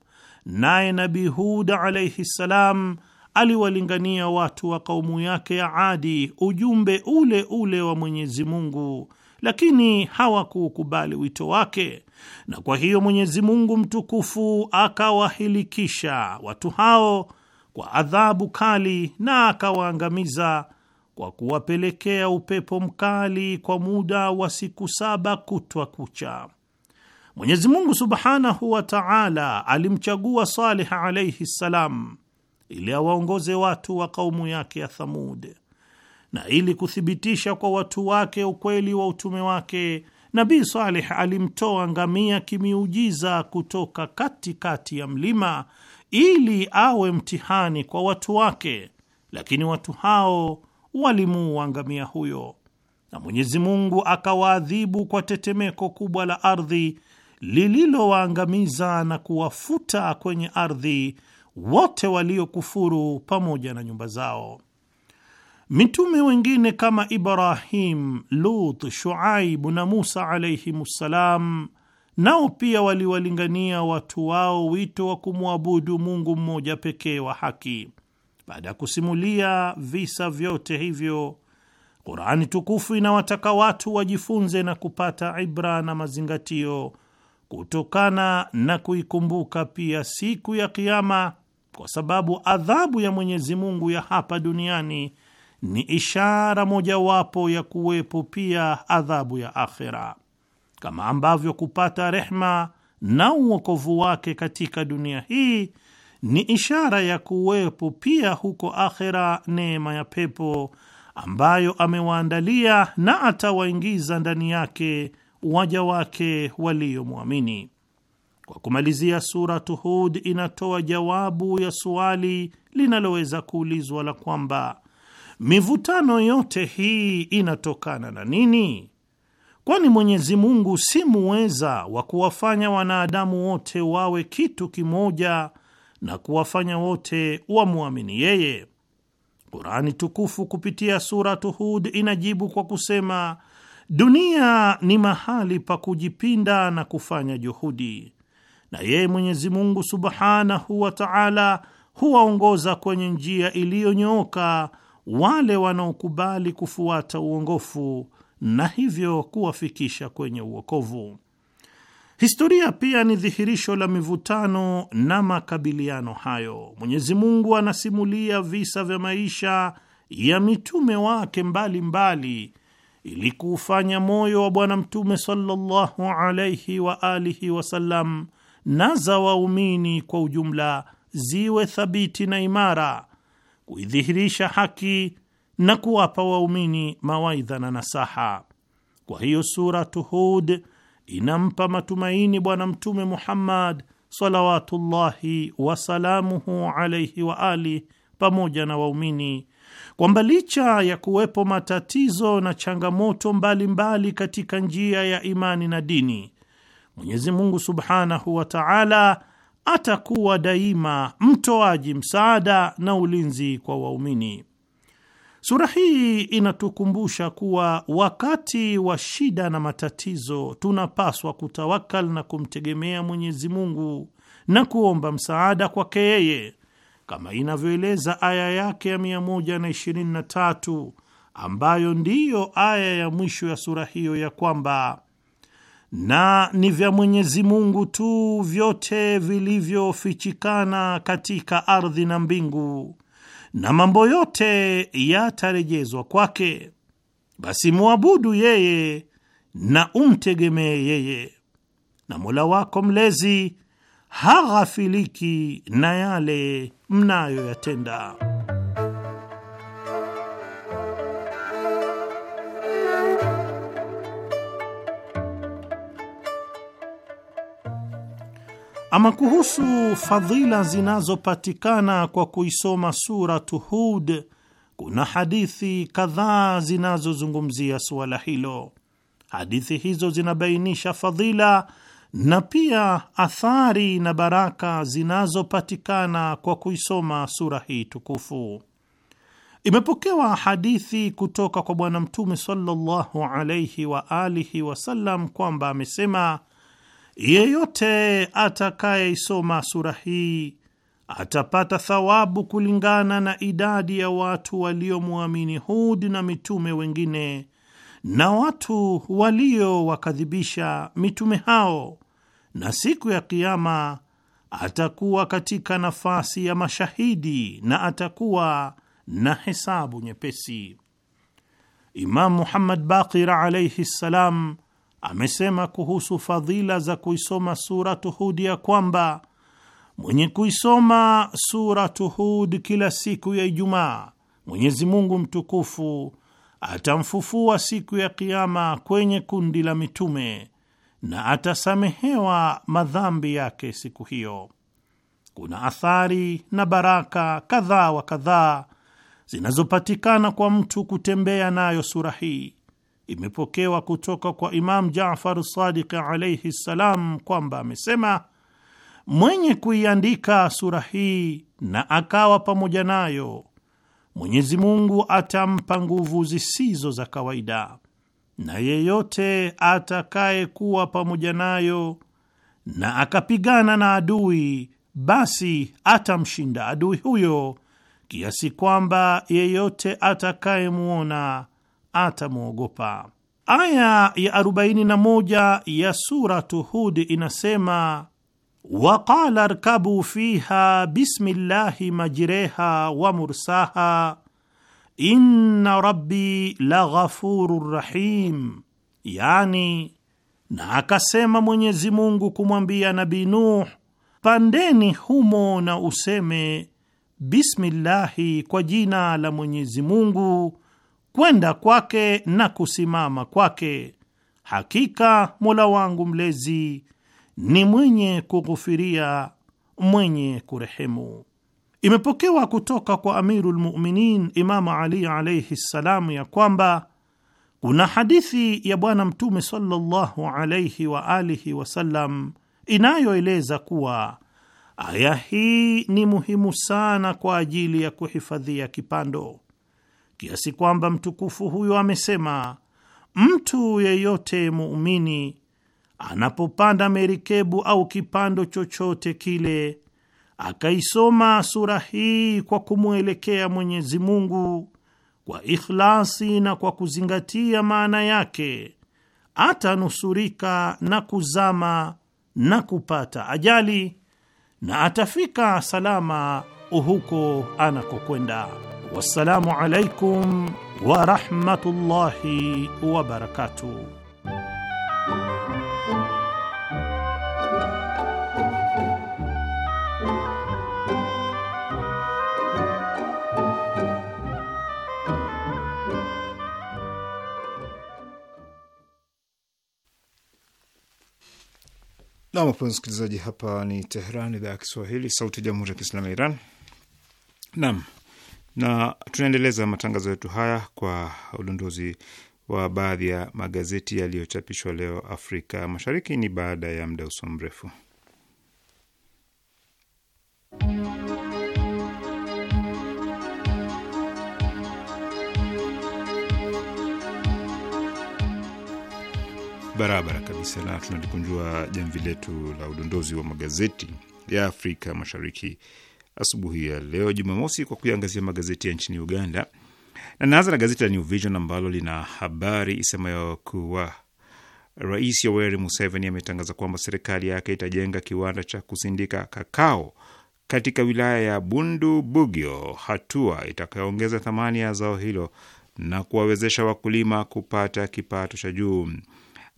naye Nabii Hud alaihi ssalam aliwalingania watu wa kaumu yake ya Adi ujumbe ule ule wa Mwenyezi Mungu lakini hawakuukubali wito wake, na kwa hiyo Mwenyezi Mungu mtukufu akawahilikisha watu hao kwa adhabu kali na akawaangamiza kwa kuwapelekea upepo mkali kwa muda wa siku saba kutwa kucha. Mwenyezi Mungu subhanahu wa taala alimchagua Saleh alaihi ssalam ili awaongoze watu wa kaumu yake ya Thamud na ili kuthibitisha kwa watu wake ukweli wa utume wake, Nabii Saleh alimtoa ngamia kimiujiza kutoka katikati kati ya mlima ili awe mtihani kwa watu wake, lakini watu hao walimuua ngamia huyo, na Mwenyezi Mungu akawaadhibu kwa tetemeko kubwa la ardhi lililowaangamiza na kuwafuta kwenye ardhi wote waliokufuru pamoja na nyumba zao. Mitume wengine kama Ibrahim, Lut, Shuaibu na Musa ssalam nao pia waliwalingania watu wao wito wa kumwabudu Mungu mmoja pekee wa haki. Baada ya kusimulia visa vyote hivyo, Qurani tukufu inawataka watu wajifunze na kupata ibra na mazingatio kutokana na kuikumbuka pia siku ya Kiama, kwa sababu adhabu ya Mwenyezi Mungu ya hapa duniani ni ishara mojawapo ya kuwepo pia adhabu ya akhera, kama ambavyo kupata rehma na uokovu wake katika dunia hii ni ishara ya kuwepo pia huko akhera neema ya pepo ambayo amewaandalia na atawaingiza ndani yake waja wake waliomwamini. Kwa kumalizia, Suratu Hud inatoa jawabu ya suali linaloweza kuulizwa la kwamba Mivutano yote hii inatokana na nini? Kwani Mwenyezi Mungu si muweza wa kuwafanya wanadamu wote wawe kitu kimoja na kuwafanya wote wamwamini yeye? Kurani tukufu kupitia Suratu Hud inajibu kwa kusema, dunia ni mahali pa kujipinda na kufanya juhudi, na yeye Mwenyezi Mungu subhanahu wa taala huwaongoza kwenye njia iliyonyooka wale wanaokubali kufuata uongofu na hivyo kuwafikisha kwenye uokovu. Historia pia ni dhihirisho la mivutano na makabiliano hayo. Mwenyezi Mungu anasimulia visa vya maisha ya mitume wake mbalimbali ili kuufanya moyo wa Bwana Mtume sallallahu alaihi wa alihi wasallam na za waumini kwa ujumla ziwe thabiti na imara kuidhihirisha haki na kuwapa waumini mawaidha na nasaha. Kwa hiyo Suratu Hud inampa matumaini Bwana Mtume Muhammad salawatullahi wasalamuhu alaihi wa ali pamoja na waumini kwamba licha ya kuwepo matatizo na changamoto mbalimbali mbali katika njia ya imani na dini, Mwenyezi Mungu subhanahu wa taala atakuwa daima mtoaji msaada na ulinzi kwa waumini. Sura hii inatukumbusha kuwa wakati wa shida na matatizo tunapaswa kutawakal na kumtegemea Mwenyezi Mungu na kuomba msaada kwake yeye, kama inavyoeleza aya yake ya 123 ambayo ndiyo aya ya mwisho ya sura hiyo ya kwamba na ni vya Mwenyezi Mungu tu vyote vilivyofichikana katika ardhi na mbingu, na mambo yote yatarejezwa kwake. Basi muabudu yeye na umtegemee yeye, na Mola wako mlezi haghafiliki na yale mnayoyatenda. Ama kuhusu fadhila zinazopatikana kwa kuisoma Suratu Hud, kuna hadithi kadhaa zinazozungumzia suala hilo. Hadithi hizo zinabainisha fadhila na pia athari na baraka zinazopatikana kwa kuisoma sura hii tukufu. Imepokewa hadithi kutoka kwa Bwana Mtume sallallahu alaihi wa alihi wasallam kwamba amesema Yeyote atakayeisoma sura hii atapata thawabu kulingana na idadi ya watu waliomwamini Hud na mitume wengine na watu waliowakadhibisha mitume hao, na siku ya Kiama atakuwa katika nafasi ya mashahidi na atakuwa na hesabu nyepesi. Imam Muhammad Baqir alaihi ssalam amesema kuhusu fadhila za kuisoma Suratu Hud ya kwamba mwenye kuisoma Suratu Hud kila siku ya Ijumaa, Mwenyezi Mungu mtukufu atamfufua siku ya Kiama kwenye kundi la mitume na atasamehewa madhambi yake siku hiyo. Kuna athari na baraka kadhaa wa kadhaa zinazopatikana kwa mtu kutembea nayo sura hii imepokewa kutoka kwa Imam Jafar Sadiq alaihi ssalam kwamba amesema, mwenye kuiandika sura hii na akawa pamoja nayo, Mwenyezi Mungu atampa nguvu zisizo za kawaida, na yeyote atakayekuwa pamoja nayo na akapigana na adui, basi atamshinda adui huyo, kiasi kwamba yeyote atakayemwona atamwogopa. Aya ya 41 ya Suratu hud inasema waqala arkabu fiha bismillahi majreha wa mursaha inna rabbi la ghafuru rahim, yani na akasema Mwenyezi Mungu kumwambia nabi Nuh, pandeni humo na useme bismillahi, kwa jina la Mwenyezi Mungu kwenda kwake na kusimama kwake. Hakika Mola wangu mlezi ni mwenye kughufiria, mwenye kurehemu. Imepokewa kutoka kwa Amiru lmuminin Imamu Ali alaihi ssalamu ya kwamba kuna hadithi ya Bwana Mtume sallallahu alaihi wa alihi wasallam inayoeleza kuwa aya hii ni muhimu sana kwa ajili ya kuhifadhia kipando kiasi kwamba mtukufu huyo amesema, mtu yeyote muumini anapopanda merikebu au kipando chochote kile akaisoma sura hii kwa kumwelekea Mwenyezi Mungu kwa ikhlasi na kwa kuzingatia maana yake, atanusurika na kuzama na kupata ajali na atafika salama huko anakokwenda. والسلام عليكم ورحمه الله وبركاته Nam, wapenzi msikilizaji, hapa ni Tehran, idhaa ya Kiswahili, sauti ya jamhuri ya kiislamu ya Iran. Naam. na tunaendeleza matangazo yetu haya kwa udondozi wa baadhi ya magazeti yaliyochapishwa leo Afrika Mashariki. Ni baada ya muda usio mrefu. Barabara kabisa, na tunalikunjua jamvi letu la udondozi wa magazeti ya Afrika Mashariki asubuhi ya leo Jumamosi kwa kuiangazia magazeti ya nchini Uganda, na naanza na gazeti la New Vision ambalo lina habari isemayo kuwa Rais Yoweri Museveni ametangaza kwamba serikali yake itajenga kiwanda cha kusindika kakao katika wilaya ya Bundu Bugyo, hatua itakayoongeza thamani ya zao hilo na kuwawezesha wakulima kupata kipato cha juu.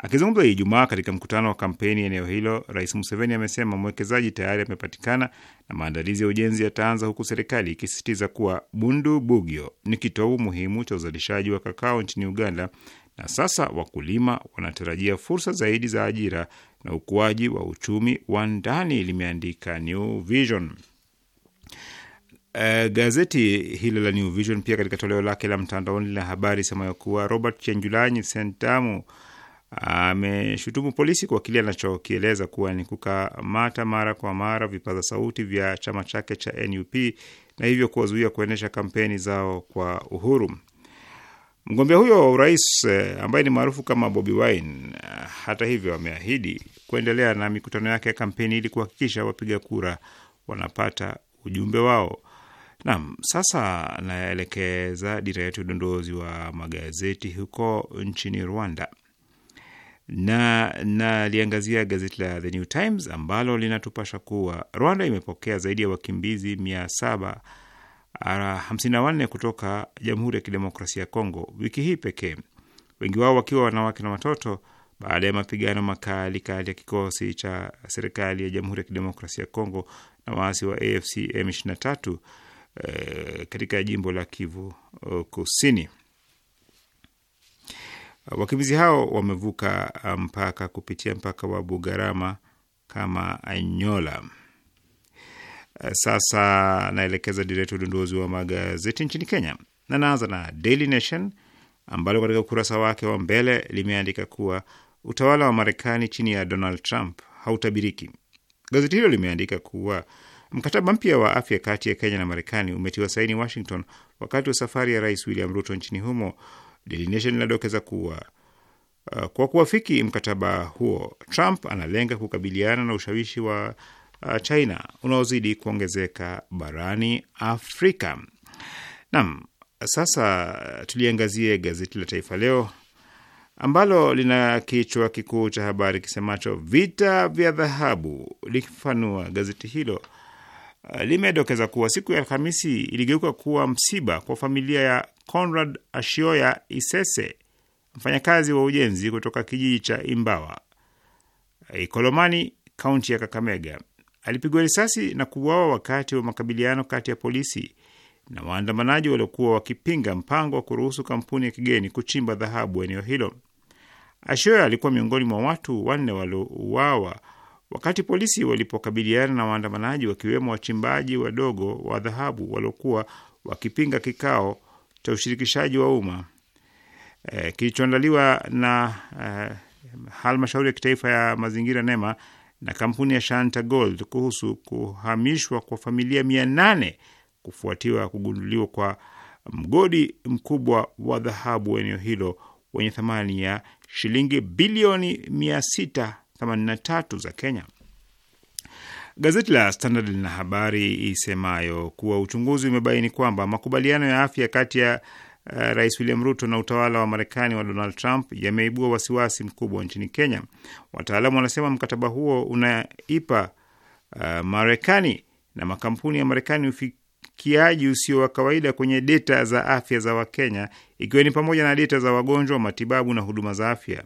Akizungumza Ijumaa katika mkutano wa kampeni eneo hilo, Rais Museveni amesema mwekezaji tayari amepatikana na maandalizi ya ujenzi yataanza, huku serikali ikisisitiza kuwa bundu bugyo ni kitovu muhimu cha uzalishaji wa kakao nchini Uganda, na sasa wakulima wanatarajia fursa zaidi za ajira na ukuaji wa uchumi wa ndani, limeandika New Vision. Uh, gazeti hilo la New Vision pia katika toleo lake la mtandaoni lina habari semayo kuwa Robert Chenjulanyi Sentamu ameshutumu polisi kwa kile anachokieleza kuwa ni kukamata mara kwa mara vipaza sauti vya chama chake cha NUP na hivyo kuwazuia kuendesha kampeni zao kwa uhuru. Mgombea huyo wa urais eh, ambaye ni maarufu kama Bobi Wine, eh, hata hivyo, ameahidi kuendelea na mikutano yake ya kampeni ili kuhakikisha wapiga kura wanapata ujumbe wao. Naam, sasa naelekeza dira yetu udondozi wa magazeti huko nchini Rwanda na naliangazia gazeti la The New Times ambalo linatupasha kuwa Rwanda imepokea zaidi ya wakimbizi 754 ah, kutoka Jamhuri ya Kidemokrasia ya Kongo wiki hii pekee, wengi wao wakiwa wanawake na watoto, baada ya mapigano makali kali ya kikosi cha serikali ya Jamhuri ya Kidemokrasia ya Kongo na waasi wa AFC M23 eh, katika jimbo la Kivu oh, Kusini. Wakimbizi hao wamevuka uh, mpaka kupitia mpaka wa Bugarama kama Anyola. Uh, sasa naelekeza direkta udunduzi wa magazeti nchini Kenya, na naanza na Daily Nation ambalo katika ukurasa wake wa mbele limeandika kuwa utawala wa Marekani chini ya Donald Trump hautabiriki. Gazeti hilo limeandika kuwa mkataba mpya wa afya kati ya Kenya na Marekani umetiwa saini Washington wakati wa safari ya Rais William Ruto nchini humo Daily Nation linadokeza kuwa uh, kwa kuwafiki mkataba huo, Trump analenga kukabiliana na ushawishi wa uh, China unaozidi kuongezeka barani Afrika. Naam, sasa tuliangazie gazeti la Taifa Leo ambalo lina kichwa kikuu cha habari kisemacho vita vya dhahabu. Likifafanua, gazeti hilo uh, limedokeza kuwa siku ya Alhamisi iligeuka kuwa msiba kwa familia ya Conrad Ashioya Isese, mfanyakazi wa ujenzi kutoka kijiji cha Imbawa, Ikolomani, kaunti ya Kakamega. Alipigwa risasi na kuuawa wakati wa makabiliano kati ya polisi na waandamanaji waliokuwa wakipinga mpango wa kuruhusu kampuni ya kigeni kuchimba dhahabu eneo hilo. Ashioya alikuwa miongoni mwa watu wanne waliouawa wakati polisi walipokabiliana na waandamanaji wakiwemo wachimbaji wadogo wa dhahabu waliokuwa wakipinga kikao cha ushirikishaji wa umma e, kilichoandaliwa na e, halmashauri ya kitaifa ya mazingira NEMA na kampuni ya Shanta Gold kuhusu kuhamishwa kwa familia mia nane kufuatiwa kugunduliwa kwa mgodi mkubwa wa dhahabu eneo hilo wenye thamani ya shilingi bilioni 683 za Kenya. Gazeti la Standard lina habari isemayo kuwa uchunguzi umebaini kwamba makubaliano ya afya kati ya uh, Rais William Ruto na utawala wa Marekani wa Donald Trump yameibua wasiwasi mkubwa nchini Kenya. Wataalamu wanasema mkataba huo unaipa uh, Marekani na makampuni ya Marekani ufikiaji usio wa kawaida kwenye deta za afya za Wakenya, ikiwa ni pamoja na deta za wagonjwa, matibabu na huduma za afya.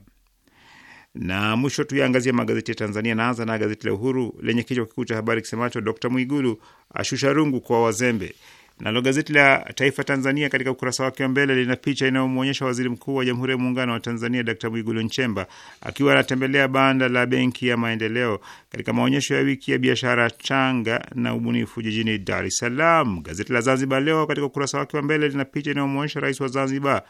Na mwisho tuyaangazia magazeti ya Tanzania. Naanza na gazeti la Uhuru lenye kichwa kikuu cha habari kisemacho Dkt Mwigulu ashusha rungu kwa wazembe. Nalo gazeti la Taifa Tanzania katika ukurasa wake wa mbele lina picha inayomwonyesha waziri mkuu wa Jamhuri ya Muungano wa Tanzania Dkt Mwigulu Nchemba akiwa anatembelea banda la Benki ya Maendeleo katika maonyesho ya wiki ya biashara changa na ubunifu jijini Dar es Salaam. Gazeti la Zanzibar Leo katika ukurasa wake wa mbele lina picha inayomwonyesha rais wa Zanzibar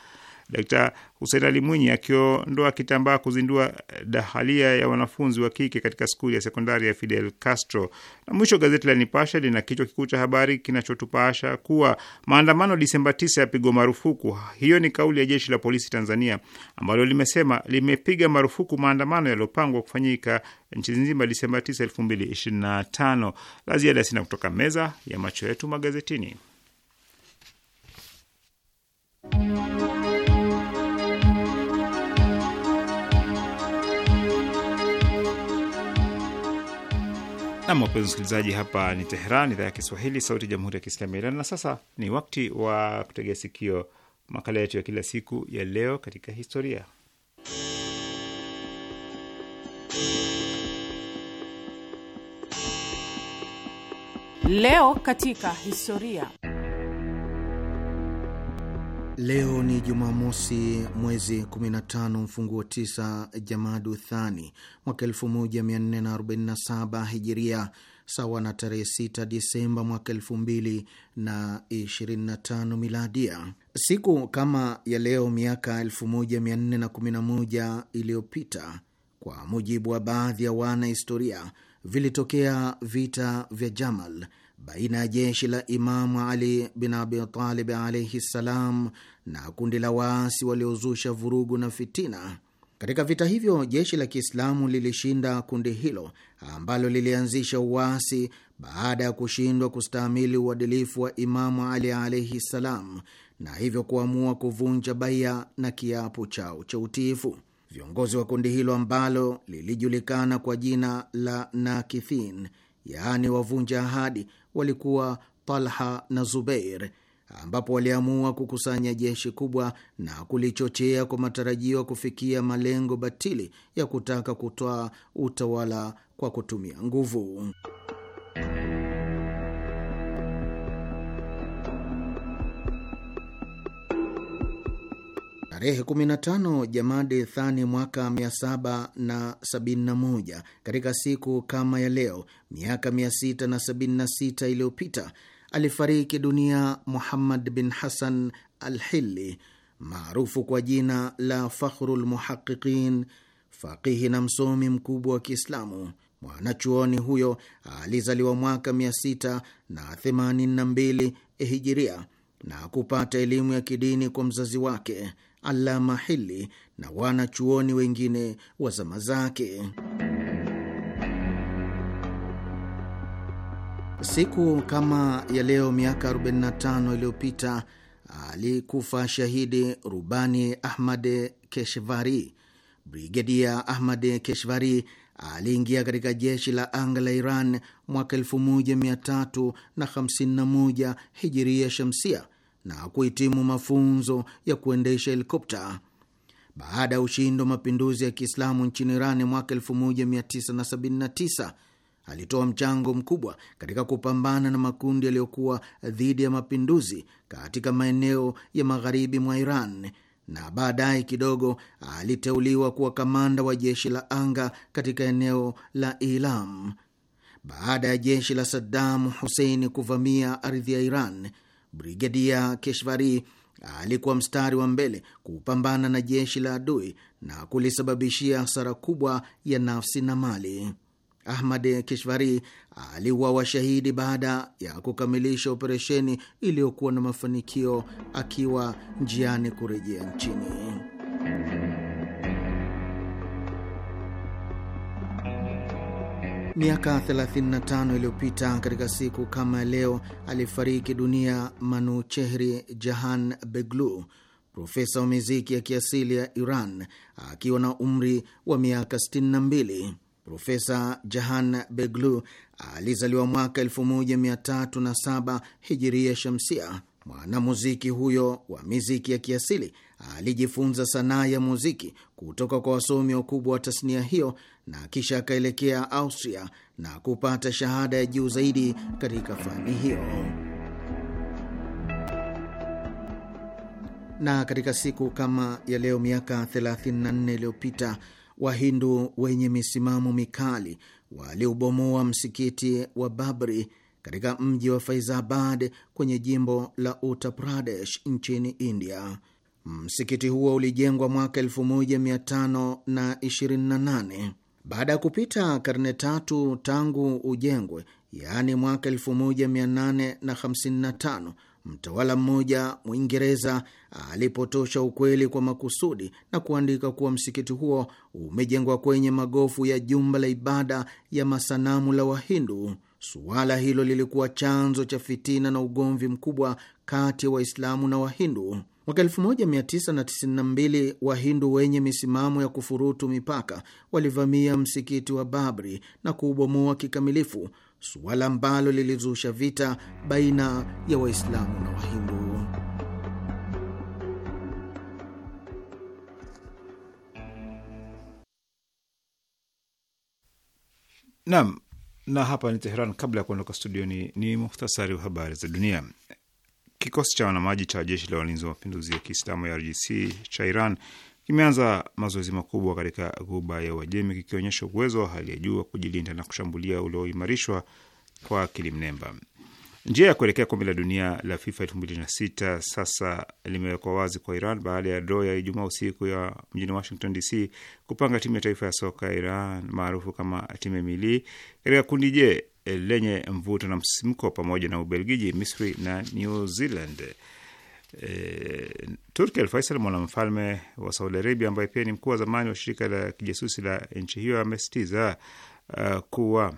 Dkt. Hussein Ali Mwinyi akiondoa kitambaa kuzindua dahalia ya wanafunzi wa kike katika skuli ya sekondari ya Fidel Castro. Na mwisho gazeti la nipasha lina kichwa kikuu cha habari kinachotupasha kuwa maandamano Disemba 9 yapigwa marufuku. Hiyo ni kauli ya jeshi la polisi Tanzania ambalo limesema limepiga marufuku maandamano yaliyopangwa kufanyika nchi nzima Disemba 9, 2025. La ziada sina kutoka meza ya macho yetu magazetini. Nam, wapenzi msikilizaji, hapa ni Teheran, idhaa ya Kiswahili, sauti ya jamhuri ya kiislamu ya Iran. Na sasa ni wakati wa kutegea sikio makala yetu ya kila siku ya leo katika historia. Leo katika historia Leo ni Jumamosi, mwezi 15 mfunguo 9 Jamadu Thani mwaka 1447 Hijiria, sawa na tarehe 6 Disemba mwaka 2025 Miladia. Siku kama ya leo miaka 1411 iliyopita, kwa mujibu wa baadhi ya wanahistoria, vilitokea vita vya Jamal baina ya jeshi la Imamu Ali bin Abi Talib alaihi ssalam na kundi la waasi waliozusha vurugu na fitina. Katika vita hivyo jeshi la Kiislamu lilishinda kundi hilo ambalo lilianzisha uasi baada ya kushindwa kustahamili uadilifu wa Imamu Ali alaihi ssalam, na hivyo kuamua kuvunja baia na kiapo chao cha utiifu. Viongozi wa kundi hilo ambalo lilijulikana kwa jina la Nakithin, yaani wavunja ahadi, walikuwa Talha na Zubeir ambapo waliamua kukusanya jeshi kubwa na kulichochea kwa matarajio ya kufikia malengo batili ya kutaka kutoa utawala kwa kutumia nguvu. Tarehe 15 Jamadi Thani mwaka 771, katika siku kama ya leo miaka 676 iliyopita alifariki dunia Muhammad bin Hasan al hili maarufu kwa jina la Fakhru lmuhaqiqin, faqihi na msomi mkubwa wa Kiislamu. Mwanachuoni huyo alizaliwa mwaka 682 hijiria na kupata elimu ya kidini kwa mzazi wake Alama Hili na wanachuoni wengine wa zama zake. Siku kama ya leo miaka 45 iliyopita alikufa shahidi rubani Ahmad Keshvari. Brigedia Ahmad Keshvari aliingia katika jeshi la anga la Iran mwaka 1351 hijiria shamsia na kuhitimu mafunzo ya kuendesha helikopta. Baada ya ushindi wa mapinduzi ya Kiislamu nchini Iran mwaka 1979 alitoa mchango mkubwa katika kupambana na makundi yaliyokuwa dhidi ya mapinduzi katika maeneo ya magharibi mwa Iran na baadaye kidogo aliteuliwa kuwa kamanda wa jeshi la anga katika eneo la Ilam. Baada ya jeshi la Saddam Hussein kuvamia ardhi ya Iran, Brigedia Keshvari alikuwa mstari wa mbele kupambana na jeshi la adui na kulisababishia hasara kubwa ya nafsi na mali. Ahmad Kishvari aliwa washahidi baada ya kukamilisha operesheni iliyokuwa na mafanikio akiwa njiani kurejea nchini. Miaka 35 iliyopita katika siku kama ya leo alifariki dunia Manu Chehri Jahan Beglu, profesa wa miziki ya kiasili ya Iran akiwa na umri wa miaka 62. Profesa Jahan Beglu alizaliwa mwaka 1307 hijiria shamsia. Mwanamuziki huyo wa miziki ya kiasili alijifunza sanaa ya muziki kutoka kwa wasomi wakubwa wa tasnia hiyo na kisha akaelekea Austria na kupata shahada ya juu zaidi katika fani hiyo. Na katika siku kama ya leo miaka 34 iliyopita Wahindu wenye misimamo mikali waliubomoa msikiti wa Babri katika mji wa Faizabad kwenye jimbo la Uttar Pradesh nchini India. Msikiti huo ulijengwa mwaka 1528 baada ya kupita karne tatu tangu ujengwe, yaani mwaka 1855 mtawala mmoja Mwingereza alipotosha ukweli kwa makusudi na kuandika kuwa msikiti huo umejengwa kwenye magofu ya jumba la ibada ya masanamu la Wahindu. Suala hilo lilikuwa chanzo cha fitina na ugomvi mkubwa kati ya Waislamu na Wahindu. Mwaka 1992 Wahindu wenye misimamo ya kufurutu mipaka walivamia msikiti wa Babri na kuubomoa kikamilifu, suala ambalo lilizusha vita baina ya Waislamu na Wahindu. nam na hapa ni Teheran. Kabla ya kuondoka studioni, ni, ni muhtasari wa habari za dunia. Kikosi cha wanamaji cha jeshi la walinzi wa mapinduzi ya Kiislamu ya RGC cha Iran kimeanza mazoezi makubwa katika Ghuba ya Uajemi kikionyesha uwezo wa hali ya juu wa kujilinda na kushambulia ulioimarishwa kwa kilimnemba Njia ya kuelekea kombe la dunia la FIFA 2026 sasa limewekwa wazi kwa Iran baada ya draw ya Ijumaa usiku ya mjini Washington DC kupanga timu ya taifa ya soka ya Iran maarufu kama timu Mili katika kundi je Eh, lenye mvuto na msimko pamoja na Ubelgiji, Misri na New Zealand. E, Turki Alfaisal, mwanamfalme wa Saudi Arabia ambaye pia ni mkuu wa zamani wa shirika la kijasusi la nchi hiyo, amesitiza uh, kuwa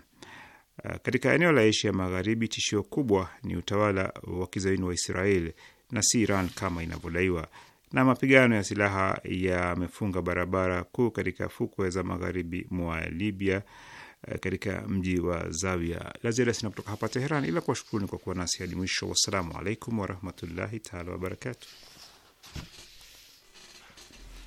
uh, katika eneo la Asia Magharibi tishio kubwa ni utawala wa kizayuni wa Israel na si Iran kama inavyodaiwa. Na mapigano ya silaha yamefunga barabara kuu katika fukwe za magharibi mwa Libya Eh, katika mji wa zawia La ziada sina kutoka hapa Teheran, ila kuwashukuruni kwa kuwa nasi hadi mwisho. Wassalamu alaikum warahmatullahi taala wabarakatuh